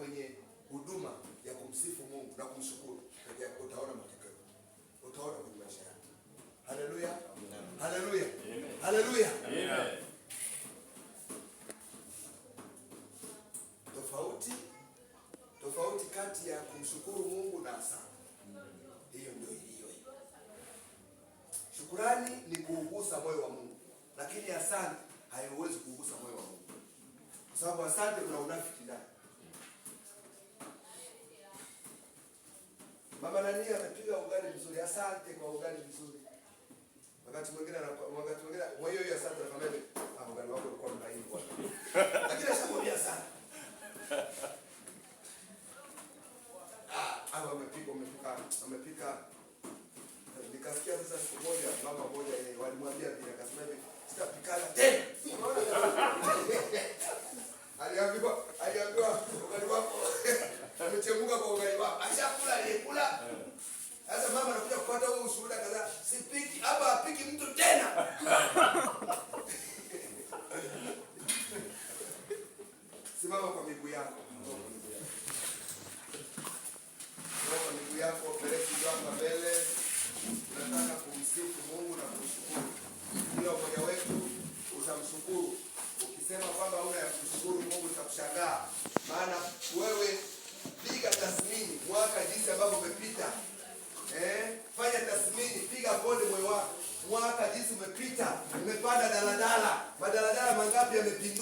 kwenye huduma ya kumsifu Mungu na kumshukuru, utaona matokeo, utaona kwenye maisha yako. Haleluya, haleluya, haleluya. Tofauti tofauti kati ya kumshukuru Mungu na asante, hiyo ndio iliyo. Shukurani ni kuugusa moyo wa Mungu, lakini asante haiwezi kuugusa moyo wa Mungu, kwa sababu asante kuna unafiki ndani Mama nani amepiga ugali mzuri, asante kwa ugali mzuri. Wakati mwingine na wakati mwingine kwa hiyo hiyo asante kwa mimi. ah, ugali wako ulikuwa mlaini kwa. Lakini ashakwambia sana. Ah, hapo amepika amepika amepika. Nikasikia sasa siku moja mama moja yeye walimwambia pia akasema hivi, sitapikana tena. Aliambiwa aliambiwa ugali wako. umechemuka kwa ugali wako. Ashakula yako roho miguu yako, peleki hapa mbele. Tunataka kumsifu Mungu na kumshukuru. Kila mmoja wetu utamshukuru. Ukisema kwamba una ya kumshukuru Mungu, tutakushangaa maana wewe, piga tathmini mwaka jinsi ambavyo umepita. Eh, fanya tathmini, piga konde moyo wako mwaka jinsi umepita. Umepanda daladala, madaladala mangapi yamepinduka?